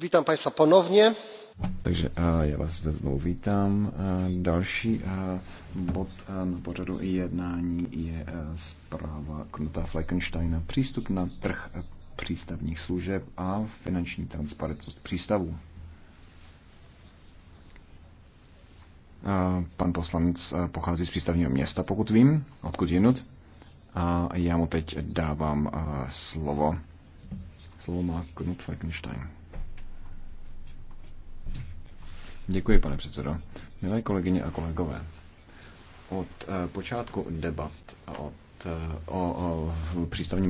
Vítám Państwa ponovně. Takže a já vás zde znovu vítám. Další bod na pořadu jednání je zpráva Knuta Fleckensteina. Přístup na trh přístavních služeb a finanční transparentnost přístavů. Pan poslanec pochází z přístavního města, pokud vím, odkud jinut. A já mu teď dávám slovo. Slovo má Knut Fleckenstein. Děkuji, pane předsedo. Milé kolegyně a kolegové, od eh, počátku debat a od, eh, o, o přístavním